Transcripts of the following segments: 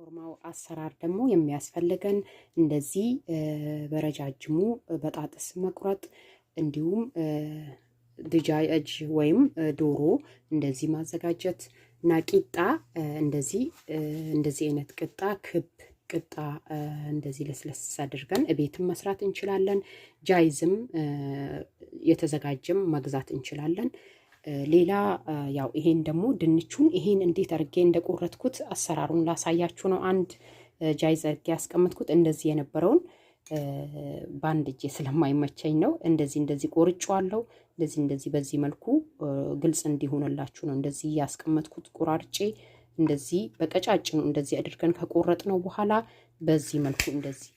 ለኮርማው አሰራር ደግሞ የሚያስፈልገን እንደዚህ በረጃጅሙ በጣጥስ መቁረጥ እንዲሁም እጅ ወይም ዶሮ እንደዚህ ማዘጋጀት እና ቂጣ እንደዚህ እንደዚህ አይነት ቅጣ ክብ ቅጣ እንደዚህ ለስለስ አድርገን እቤትም መስራት እንችላለን። ጃይዝም የተዘጋጀም መግዛት እንችላለን። ሌላ ያው ይሄን ደግሞ ድንቹን ይሄን እንዴት አድርጌ እንደቆረጥኩት አሰራሩን ላሳያችሁ ነው። አንድ ጃይዝ ዘርጌ ያስቀመጥኩት እንደዚህ የነበረውን በአንድ እጄ ስለማይመቸኝ ነው። እንደዚህ እንደዚህ ቆርጬዋለሁ። እንደዚህ እንደዚህ በዚህ መልኩ ግልጽ እንዲሆንላችሁ ነው እንደዚህ ያስቀመጥኩት ቁራርጬ እንደዚህ በቀጫጭኑ እንደዚህ አድርገን ከቆረጥ ነው በኋላ በዚህ መልኩ እንደዚህ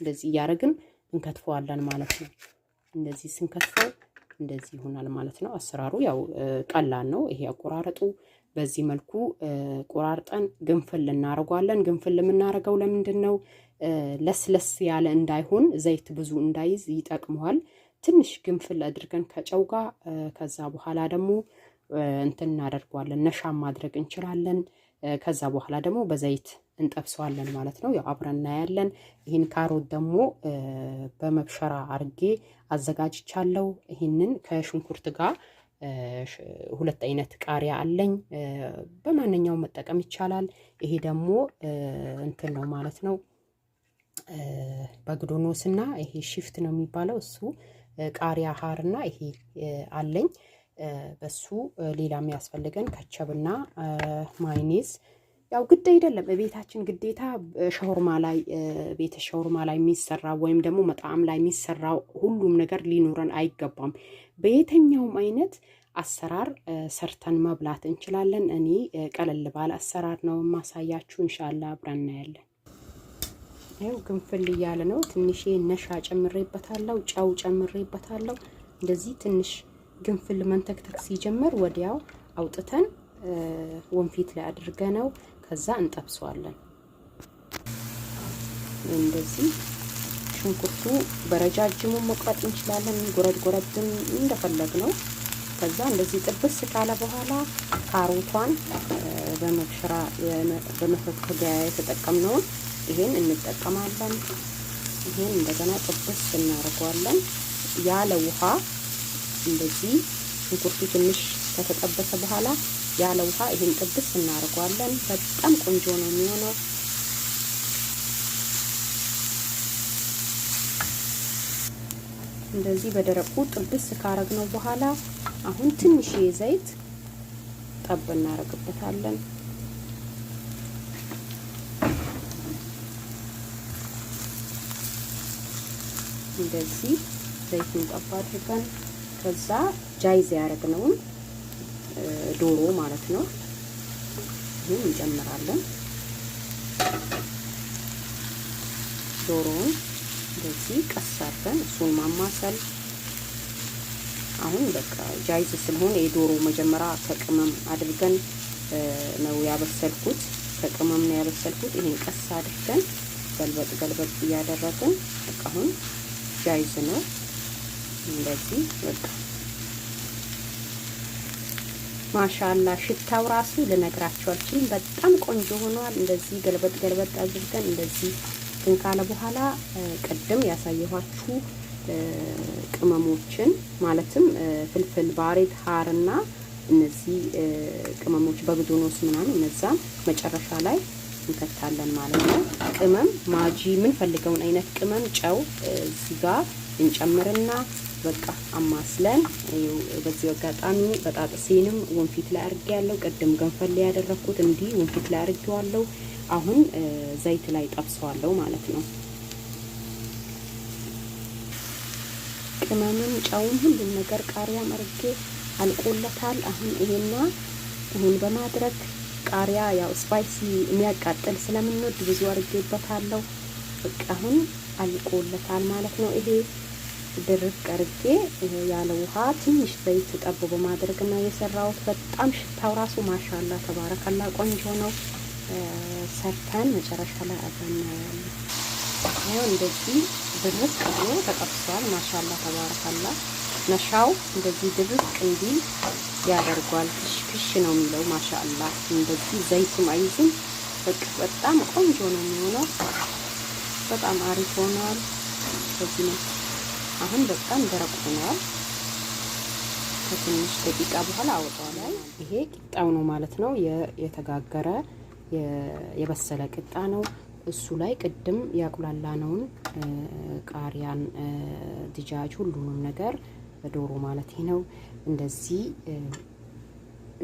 እንደዚህ እያደረግን እንከትፈዋለን ማለት ነው። እንደዚህ ስንከትፈው እንደዚህ ይሆናል ማለት ነው። አሰራሩ ያው ቀላል ነው። ይሄ አቆራረጡ በዚህ መልኩ ቆራርጠን ግንፍል እናደርጓለን። ግንፍል የምናደርገው ለምንድን ነው? ለስለስ ያለ እንዳይሆን ዘይት ብዙ እንዳይዝ ይጠቅመዋል። ትንሽ ግንፍል አድርገን ከጨው ጋር ከዛ በኋላ ደግሞ እንትን እናደርጓለን። ነሻ ማድረግ እንችላለን። ከዛ በኋላ ደግሞ በዘይት እንጠብሰዋለን ማለት ነው። ያው አብረን እናያለን። ይህን ካሮት ደግሞ በመብሸራ አርጌ አዘጋጅቻለሁ። ይህንን ከሽንኩርት ጋር ሁለት አይነት ቃሪያ አለኝ። በማንኛውም መጠቀም ይቻላል። ይሄ ደግሞ እንትን ነው ማለት ነው በግዶኖስ እና ይሄ ሽፍት ነው የሚባለው እሱ ቃሪያ ሀር ሀርና ይሄ አለኝ። በሱ ሌላ የሚያስፈልገን ከቸብና ማይኔዝ ያው ግድ አይደለም ቤታችን ግዴታ ሸውርማ ላይ ቤተ ሸውርማ ላይ የሚሰራው ወይም ደግሞ መጣዕም ላይ የሚሰራው ሁሉም ነገር ሊኖረን አይገባም። በየተኛውም አይነት አሰራር ሰርተን መብላት እንችላለን። እኔ ቀለል ባለ አሰራር ነው ማሳያችሁ። እንሻላ አብረን እናያለን። ይኸው ግንፍል እያለ ነው። ትንሽ ነሻ ጨምሬበታለሁ፣ ጨው ጨምሬበታለሁ። እንደዚህ ትንሽ ግንፍል መንተክተክ ሲጀምር ወዲያው አውጥተን ወንፊት ላይ አድርገ ነው ከዛ እንጠብሰዋለን። እንደዚህ ሽንኩርቱ በረጃጅሙ መቁረጥ እንችላለን። ጎረድ ጎረድም እንደፈለግ ነው። ከዛ እንደዚህ ጥብስ ካለ በኋላ ካሮቷን በመብሽራ በመፈትፈጊያ የተጠቀምነውን ይሄን እንጠቀማለን። ይሄን እንደገና ጥብስ እናደርገዋለን ያለ ውሃ እንደዚህ ሽንኩርቱ ትንሽ ከተጠበሰ በኋላ ያለ ውሃ ይህን ጥብስ እናደርገዋለን። በጣም ቆንጆ ነው የሚሆነው። እንደዚህ በደረቁ ጥብስ ካረግነው በኋላ አሁን ትንሽ ዘይት ጠብ እናደርግበታለን። እንደዚህ ዘይቱን ጠብ አድርገን ከዛ ጃይዝ ያደረግነውን ዶሮ ማለት ነው። ይህ እንጨምራለን። ዶሮውን በዚህ ቀስ አድርገን እሱን ማማሰል አሁን በቃ ጃይዝ ስለሆነ የዶሮ መጀመሪያ ከቅመም አድርገን ነው ያበሰልኩት። ከቅመም ነው ያበሰልኩት። ይሄን ቀስ አድርገን ገልበጥ ገልበጥ እያደረግን በቃ አሁን ጃይዝ ነው እንደዚህ በቃ ማሻላ ሽታው ራሱ ልነግራችሁ አልችልም። በጣም ቆንጆ ሆኗል። እንደዚህ ገልበጥ ገልበጥ አድርገን እንደዚህ እንትን ካለ በኋላ ቅድም ያሳየኋችሁ ቅመሞችን ማለትም ፍልፍል ባሬት ሀርና እነዚህ ቅመሞች በግዶኖስ ምናምን እነዛ መጨረሻ ላይ እንከታለን ማለት ነው። ቅመም ማጂ የምንፈልገውን አይነት ቅመም ጨው እዚህ ጋር እንጨምርና በቃ አማስለን በዚህ አጋጣሚ በጣጥሴንም ወንፊት ላይ አርጌ ያለው ቅድም ገንፈል ላይ ያደረኩት እንዲህ ወንፊት ላይ አርጌዋለሁ። አሁን ዘይት ላይ ጠብሰዋለሁ ማለት ነው። ቅመምም፣ ጨውም ሁሉም ነገር ቃሪያም አርጌ አልቆለታል። አሁን ይሄና ይሄን በማድረግ ቃሪያ ያው ስፓይሲ የሚያቃጥል ስለምንወድ ብዙ አርጌበታለሁ። በቃ አሁን አልቆለታል ማለት ነው ይሄ ድርቅ አድርጌ ያለ ውሃ ትንሽ ዘይት ጠብ በማድረግ ነው የሰራሁት። በጣም ሽታው ራሱ ማሻላ ተባረከላ ቆንጆ ነው። ሰርተን መጨረሻ ላይ አብረን እናያለን። ይኸው እንደዚህ ድርቅ ብሎ ተጠብሷል። ማሻላ ተባረከላ። ነሻው እንደዚህ ድርቅ እንዲል ያደርጓል። ፍሽ ፍሽ ነው የሚለው ማሻላ። እንደዚህ ዘይቱም አይዝም። በቃ በጣም ቆንጆ ነው የሚሆነው። በጣም አሪፍ ሆኗል። በዚህ ነው አሁን በጣም ደረቅ ሆኗል። ከትንሽ ደቂቃ በኋላ ላይ ይሄ ቂጣው ነው ማለት ነው። የተጋገረ የበሰለ ቂጣ ነው። እሱ ላይ ቅድም ያቁላላነውን ቃሪያን፣ ድጃጅ፣ ሁሉንም ነገር ዶሮ ማለት ነው እንደዚህ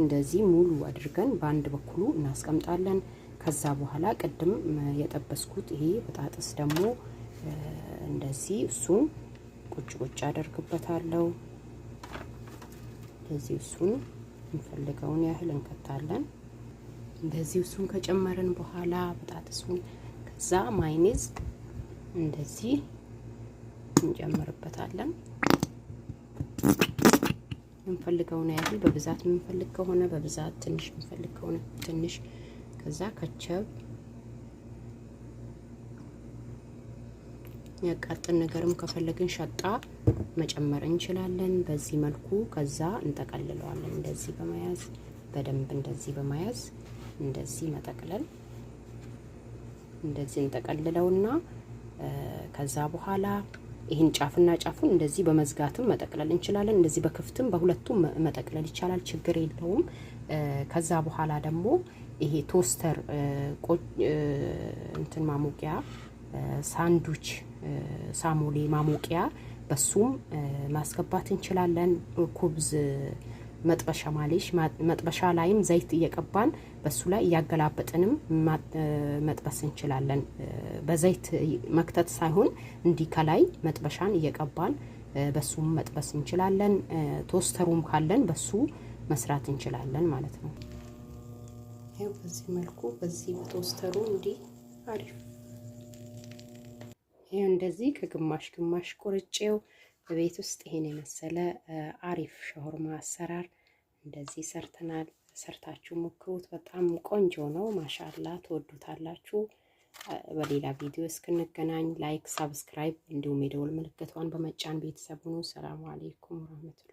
እንደዚህ ሙሉ አድርገን በአንድ በኩሉ እናስቀምጣለን። ከዛ በኋላ ቅድም የጠበስኩት ይሄ በጣጥስ ደግሞ እንደዚህ እሱን ቁጭ ቁጭ አደርግበታለሁ። እንደዚህ እሱን የምፈልገውን ያህል እንከታለን። እንደዚህ እሱን ከጨመርን በኋላ በጣጥሱን ከዛ ማይኔዝ እንደዚህ እንጨምርበታለን። የምንፈልገውን ያህል በብዛት የምንፈልግ ከሆነ በብዛት፣ ትንሽ የምንፈልግ ከሆነ ትንሽ። ከዛ ከቸብ የሚያቃጥል ነገርም ከፈለግን ሸጣ መጨመር እንችላለን። በዚህ መልኩ ከዛ እንጠቀልለዋለን። እንደዚህ በመያዝ በደንብ እንደዚህ በመያዝ እንደዚህ መጠቅለል እንደዚህ እንጠቀልለውና ከዛ በኋላ ይህን ጫፍና ጫፉን እንደዚህ በመዝጋትም መጠቅለል እንችላለን። እንደዚህ በክፍትም በሁለቱም መጠቅለል ይቻላል፣ ችግር የለውም። ከዛ በኋላ ደግሞ ይሄ ቶስተር እንትን ማሞቂያ ሳንዱች ሳሙሌ ማሞቂያ በሱም ማስገባት እንችላለን። ኩብዝ መጥበሻ ማሌሽ መጥበሻ ላይም ዘይት እየቀባን በሱ ላይ እያገላበጥንም መጥበስ እንችላለን። በዘይት መክተት ሳይሆን እንዲህ ከላይ መጥበሻን እየቀባን በሱም መጥበስ እንችላለን። ቶስተሩም ካለን በሱ መስራት እንችላለን ማለት ነው። ይኸው በዚህ መልኩ በዚህ በቶስተሩ እንዲህ አሪፍ ይህ እንደዚህ ከግማሽ ግማሽ ቁርጬው በቤት ውስጥ ይሄን የመሰለ አሪፍ ሻወርማ አሰራር እንደዚህ ሰርተናል። ሰርታችሁ ሞክሩት። በጣም ቆንጆ ነው። ማሻላ ትወዱታላችሁ። በሌላ ቪዲዮ እስክንገናኝ ላይክ፣ ሳብስክራይብ እንዲሁም የደወል ምልክቷን በመጫን ቤተሰቡን ሰላሙ አሌይኩም ረመቱላ